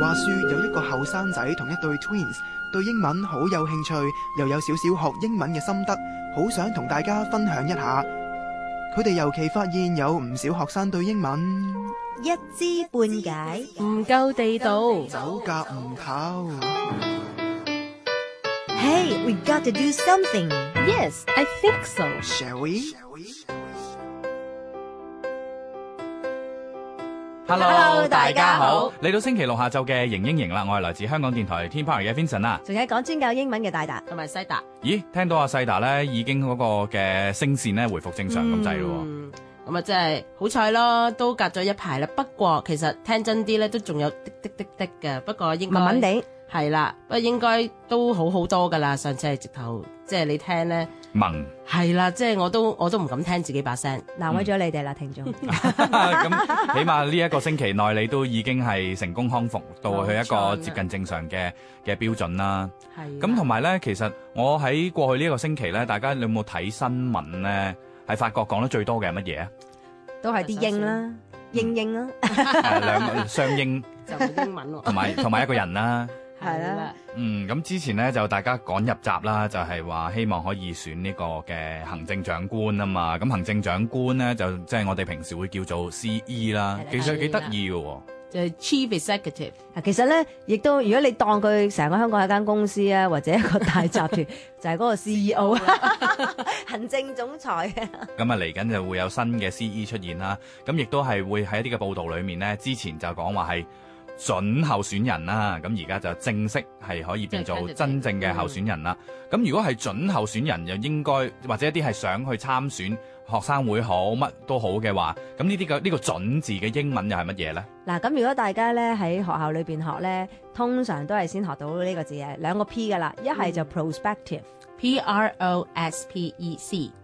話說有一個後生仔同一對 twins，對英文好有興趣，又有少少學英文嘅心得，好想同大家分享一下。佢哋尤其發現有唔少學生對英文一知半解，唔夠地道，走駕唔好。Hey, we gotta do something. Yes, I think so. Shall we? Hello，大家好！嚟到星期六下晝嘅熒英營啦，我係來自香港電台天包人嘅 Vincent 啦，仲有講專教英文嘅大達同埋西達。咦，聽到阿西達咧，已經嗰個嘅聲線咧回復正常咁滯咯。咁啊，真係好彩咯，都隔咗一排啦。不過其實聽真啲咧，都仲有滴滴滴滴嘅。不過應該悶悶地。係啦，不過應該都好好多噶啦。上次係直頭，即係你聽咧，聞係啦，即係我都我都唔敢聽自己把聲，難、嗯、為咗你哋啦，聽眾。咁 起碼呢一個星期內，你都已經係成功康復到去一個接近正常嘅嘅、哦嗯、標準啦。咁同埋咧，其實我喺過去呢一個星期咧，大家有冇睇新聞咧？喺法國講得最多嘅係乜嘢啊？都係啲英啦，英英啦，兩個雙英就英文喎，同埋同埋一個人啦、啊。係啦，嗯，咁之前咧就大家趕入閘啦，就係、是、話希望可以選呢個嘅行政長官啊嘛，咁行政長官咧就即係、就是、我哋平時會叫做 C E 啦，的其實幾得意嘅喎，就是、Chief Executive。其實咧，亦都如果你當佢成個香港一間公司啊，或者一個大集團， 就係嗰個 C E O 行政總裁嘅。咁啊，嚟緊、嗯、就會有新嘅 C E 出現啦，咁亦都係會喺一啲嘅報道裏面咧，之前就講話係。準候選人啦、啊，咁而家就正式係可以變做真正嘅候選人啦、啊。咁如果係準候選人又應該或者一啲係想去參選學生會好乜都好嘅話，咁呢啲嘅呢個準字嘅英文又係乜嘢呢？嗱，咁如果大家呢喺學校裡邊學呢，通常都係先學到呢個字嘅兩個 P 噶啦，一係就 prospective，P R O S P E C。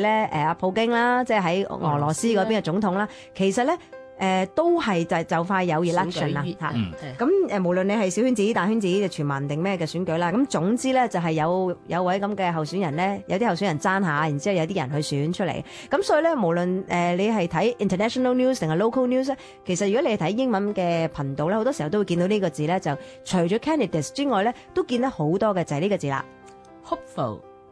咧，誒阿普京啦，即係喺俄羅斯嗰邊嘅總統啦，啊、其實咧，誒、呃、都係就就快有 election 啦吓。咁誒，嗯、無論你係小圈子、大圈子、全民定咩嘅選舉啦，咁總之咧，就係、是、有有位咁嘅候選人咧，有啲候選人爭下，然之後有啲人去選出嚟。咁所以咧，無論誒你係睇 international news 定係 local news，其實如果你係睇英文嘅頻道咧，好多時候都會見到呢個字咧，就除咗 candidates 之外咧，都見得好多嘅就係、是、呢個字啦，hopeful。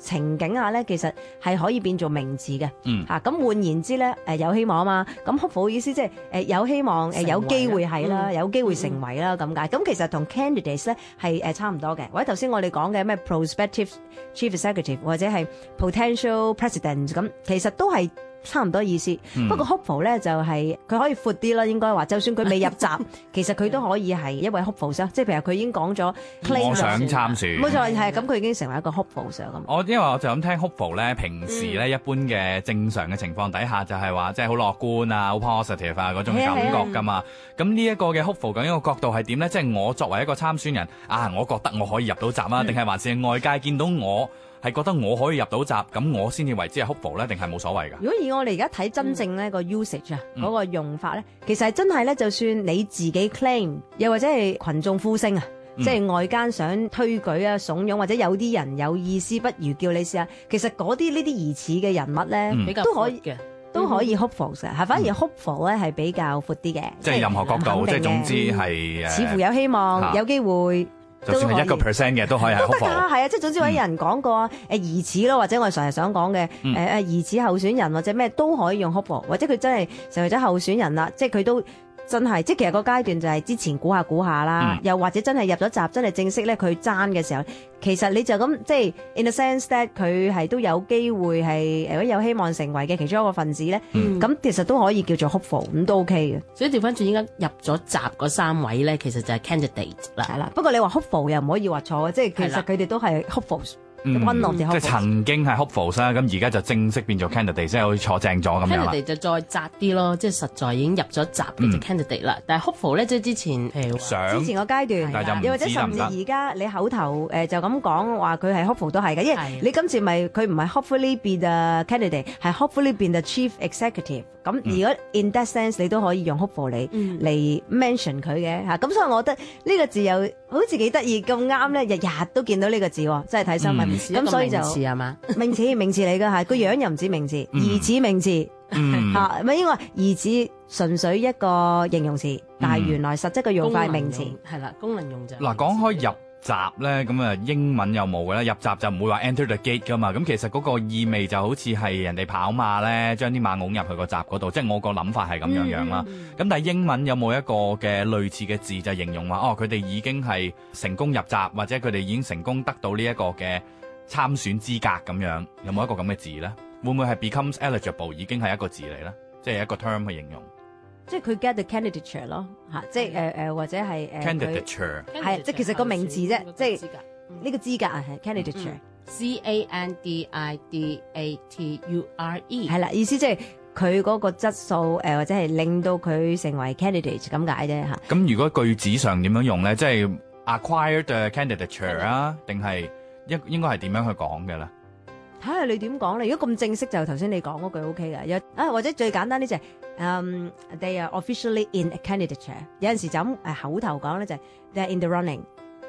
情景下咧，其實係可以變做名字嘅，嚇咁、嗯、換言之咧，有希望啊嘛，咁 hopeful 意思即係有希望，有機會係啦，嗯、有機會成為啦咁解，咁、嗯、其實同 candidates 咧係差唔多嘅，或者頭先我哋講嘅咩 prospective chief executive 或者係 potential president 咁，其實都係。差唔多意思，嗯、不過 hopeful 咧就係、是、佢可以闊啲啦，應該話，就算佢未入閘， 其實佢都可以係一位 hopeful 即係譬如佢已經講咗，我想參選，冇錯係，咁佢、嗯、已經成為一個 hopeful 咁。我、嗯、因為我就咁聽 hopeful 咧，嗯、平時咧一般嘅正常嘅情況底下就係話，即係好樂觀啊，好 positive 啊嗰種感覺㗎嘛。咁呢一個嘅 hopeful 咁一個角度係點咧？即、就、係、是、我作為一個參選人啊，我覺得我可以入到閘啊，定係、嗯、還是外界見到我？係覺得我可以入到閘，咁我先至為之係 hopeful 咧，定係冇所謂㗎？如果以我哋而家睇真正咧個 usage 啊，嗰個用法咧，其實真係咧，就算你自己 claim，又或者係群眾呼聲啊，即係外間想推舉啊、慫恿，或者有啲人有意思，不如叫你試下。其實嗰啲呢啲疑似嘅人物咧，比較都可以，都可以 hopeful 嘅，係反而 hopeful 咧係比較闊啲嘅。即係任何角度，即係總之係。似乎有希望，有機會。就算係一個 percent 嘅都可以啊，好得㗎，係啊，即係總之有人講過誒、嗯、疑似咯，或者我成日想講嘅誒誒疑似候選人或者咩都可以用 hopeful 或者佢真係成為咗候選人啦，即係佢都。真係，即係其實個階段就係之前估下估下啦，嗯、又或者真係入咗閘，真係正式咧佢爭嘅時候，其實你就咁即係 in a sense that 佢係都有機會係誒有希望成為嘅其中一個分子咧，咁、嗯、其實都可以叫做 hopeful，咁都 OK 嘅。所以調翻轉，應該入咗閘嗰三位咧，其實就係 candidate 啦。係啦，不過你話 hopeful 又唔可以話錯嘅，即係其實佢哋都係 hopeful。嗯、即係曾經係 hopeful 啦，咁而家就正式變做 candidate，即係好似坐正咗咁樣 candidate 就再窄啲咯，即係實在已經入咗閘嘅 candidate 啦。嗯、但係 hopeful 咧，即係之前誒想之前個階段，又的或者甚至而家你口頭誒就咁講話佢係 hopeful 都係嘅，因為你今次咪佢唔係 hopefully be the candidate，係 hopefully be the chief executive，嗯。咁如果 in that sense 你都可以用 hopeful 嚟嚟 mention 佢嘅嚇。咁、啊、所以我覺得呢個字又好似幾得意咁啱咧，日日都見到呢個字，真係睇新聞。嗯咁所以就名詞係嘛？名詞名詞嚟㗎，係個樣，又唔止名詞，疑似名詞嚇，唔係因為疑似純粹一個形容詞，但係原來實質嘅用法係名詞，係啦，功能用就嗱講開入閘咧，咁啊英文又冇㗎咧？入閘就唔會話 enter the gate 㗎嘛，咁其實嗰個意味就好似係人哋跑馬咧，將啲馬㧬入去個閘嗰度，即係我個諗法係咁樣樣啦。咁但係英文有冇一個嘅類似嘅字，就係形容話哦佢哋已經係成功入閘，或者佢哋已經成功得到呢一個嘅。參選資格咁樣有冇一個咁嘅字咧？會唔會係 becomes eligible 已經係一個字嚟咧？即係一個 term 去形容，即係佢 get the candidature 咯即係、呃呃、或者係、呃、candidature 係即係其實嗰個名字啫，即係呢個資格啊 candidature C-A-N-D-I-D-A-T-U-R-E，係啦，意思即係佢嗰個質素、呃、或者係令到佢成為 candidate 咁解啫嚇。嗯、咁如果句子上點樣用呢？即係 acquire the candidature 啊，定係？一應該係點樣去講嘅咧？睇下、啊、你點講啦。如果咁正式就頭、是、先你講嗰句 O K 嘅，有、OK、啊或者最簡單啲就係、是 um,，they are officially in a candidature，有陣時候就咁口頭講咧就係、是、they are in the running，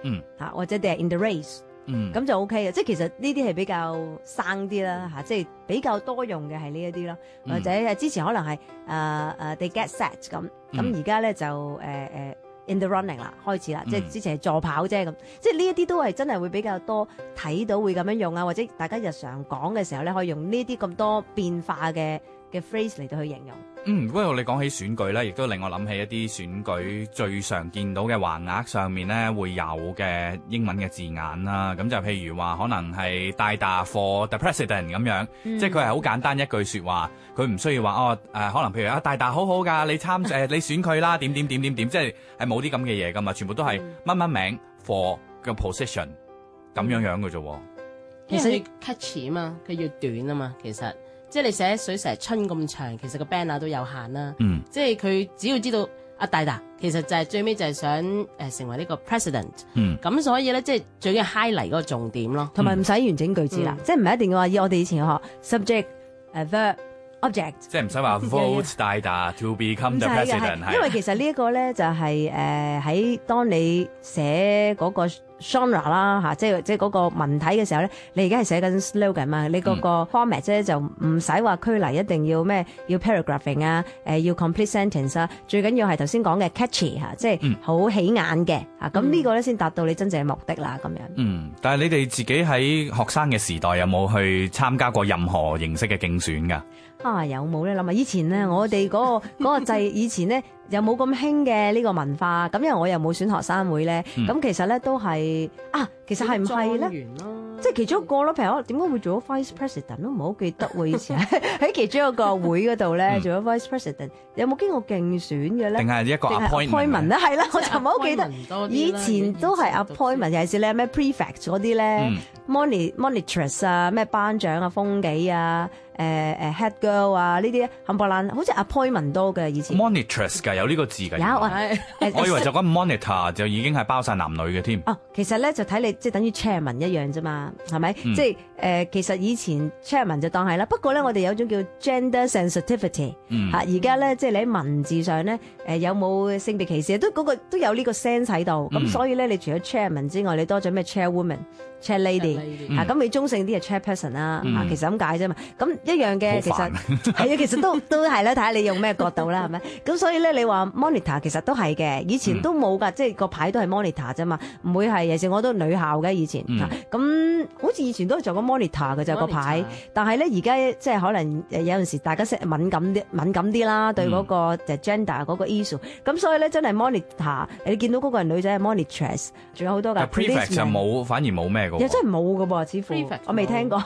嗯、啊，或者 they are in the race，嗯，咁就 O K 嘅。即係其實呢啲係比較生啲啦，嚇、啊，即係比較多用嘅係呢一啲咯，啊嗯、或者之前可能係、uh, uh, they get set 咁，咁而家咧就誒誒。呃呃 In the running 啦，開始啦，即係之前係助跑啫咁，嗯、即係呢一啲都係真係會比較多睇到會咁樣用啊，或者大家日常講嘅時候咧，可以用呢啲咁多變化嘅嘅 phrase 嚟到去形容。嗯，不過你講起選舉咧，亦都令我諗起一啲選舉最常見到嘅橫額上面咧會有嘅英文嘅字眼啦。咁就譬如話，可能係大笪 for the president 咁樣，嗯、即係佢係好簡單一句說話，佢唔需要話哦、呃、可能譬如啊大笪好好噶，你參誒、呃、你選佢啦點點點點點，即係冇啲咁嘅嘢噶嘛，全部都係乜乜名 for 嘅 position 咁、嗯、樣樣嘅啫。其實 要 cut 錢嘛，佢要短啊嘛，其實。即係你寫水蛇春咁長，其實個 banner 都有限啦。嗯、即係佢只要知道阿大達，其實就係最尾就係想成為呢個 president、嗯。咁所以咧，即係最緊要 high 嚟嗰個重點咯，同埋唔使完整句子啦，嗯、即係唔一定要話以我哋以前學、嗯、subject、a d v e r object 即係唔使話 vote d a to be come the president 因為其實呢一個咧就係誒喺當你寫嗰個 genre 啦嚇、啊，即即係嗰個文體嘅時候咧，你而家係寫緊 slogan 嘛？你嗰個 format 咧、嗯、就唔使話拘泥，一定要咩要 paragraphing 啊、呃、要 complete sentence 啊，最緊要係頭先講嘅 catchy 嚇、啊，即係好起眼嘅嚇，咁呢個咧先達到你真正嘅目的啦。咁樣嗯，但係你哋自己喺學生嘅時代有冇去參加過任何形式嘅競選㗎？啊，有冇咧諗啊？以前咧我哋嗰個嗰個制，以前咧又冇咁興嘅呢個文化，咁因為我又冇選學生會咧，咁、嗯、其實咧都係啊，其實係唔係咧？即係其中一個咯，譬如我點解會做咗 vice president 都唔係好記得喎，以前喺 其中一個會嗰度咧做咗 vice president、嗯、有冇經過競選嘅呢？定係一個 appointment 啊 app 的？係啦了，我就唔係好記得。以前都係 appointment，尤其是咩 prefect 嗰啲咧，monitress 啊、咩班長啊、風紀啊、誒、呃、head girl 啊呢啲冚唪唥，好似 appointment 多嘅以前。monitress 嘅有呢個字嘅。有、啊、 我以為就講 monitor 就已經係包曬男女嘅添、啊。其實呢，就睇你即係等於 chairman 一樣啫嘛。係咪？即係誒，其實以前 chairman 就當係啦。不過咧，我哋有種叫 gender sensitivity 吓，而家咧即係你喺文字上咧，誒有冇性別歧視都嗰個都有呢個 sense 喺度。咁所以咧，你除咗 chairman 之外，你多咗咩 chairwoman、chair lady 咁你中性啲就 chairperson 啦。啊，其實咁解啫嘛。咁一樣嘅，其實係啊，其實都都係啦。睇下，你用咩角度啦，係咪？咁所以咧，你話 monitor 其實都係嘅。以前都冇噶，即係個牌都係 monitor 啫嘛，唔會係。尤其我都女校嘅以前咁。好似以前都係做個 monitor 嘅啫，個牌，但係咧而家即係可能有陣時大家識敏感啲，敏感啲啦，對嗰個就 gender 嗰個 issue，咁所以咧真係 monitor，你見到嗰個人女仔係 monitress，仲有好多噶 prefect 就冇，反而冇咩嘅，又真係冇噶噃，似乎我未聽過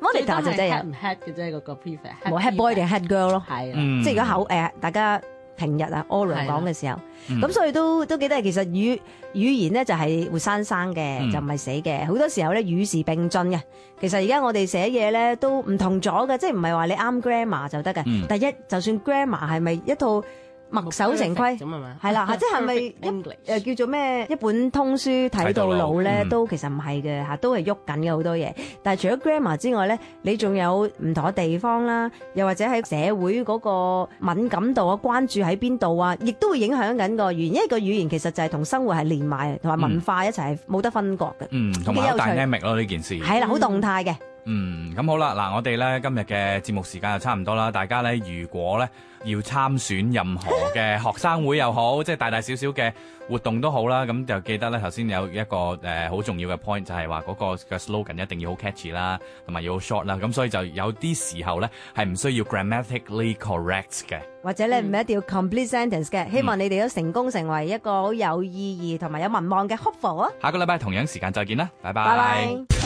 ，monitor 就真係，head 唔 head 嘅啫嗰個 prefect，冇 head boy 定 head girl 咯，係啊，即係如果口誒大家。平日啊 Oral 講嘅時候，咁的所以都都記得其生生、嗯，其實語語言咧就係活生生嘅，就唔係死嘅，好多時候咧與時並進嘅。其實而家我哋寫嘢咧都唔同咗嘅，即係唔係話你啱 grammar 就得嘅，第、嗯、一就算 grammar 係咪一套。墨守成規，係啦了即係咪一誒文叫做咩一本通書睇到老咧？嗯、都其實唔係嘅都係喐緊嘅好多嘢。但係除咗 grammar 之外咧，你仲有唔同嘅地方啦，又或者喺社會嗰個敏感度啊、關注喺邊度啊，亦都會影響緊個言，因為個語言其實就係同生活係連埋，同埋文化一齊冇得分割嘅、嗯。嗯，同埋有 y n 咯呢件事係啦，好動態嘅。嗯嗯，咁好啦，嗱，我哋呢今日嘅節目時間就差唔多啦。大家呢，如果呢要參選任何嘅學生會又好， 即係大大小小嘅活動都好啦，咁就記得呢頭先有一個誒好、呃、重要嘅 point 就係話嗰個嘅 slogan 一定要好 catchy 啦，同埋要 short 啦。咁所以就有啲時候呢係唔需要 grammatically correct 嘅，或者你唔一定要 complete sentence 嘅。嗯、希望你哋都成功成為一個好有意義同埋有民望嘅 hopeful 啊！下個禮拜同樣時間再見啦，拜拜。Bye bye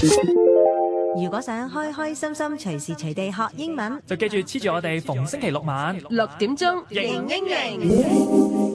如果想開開心心、隨時隨地學英文，就記住黐住我哋逢星期六晚六點鐘迎英迎。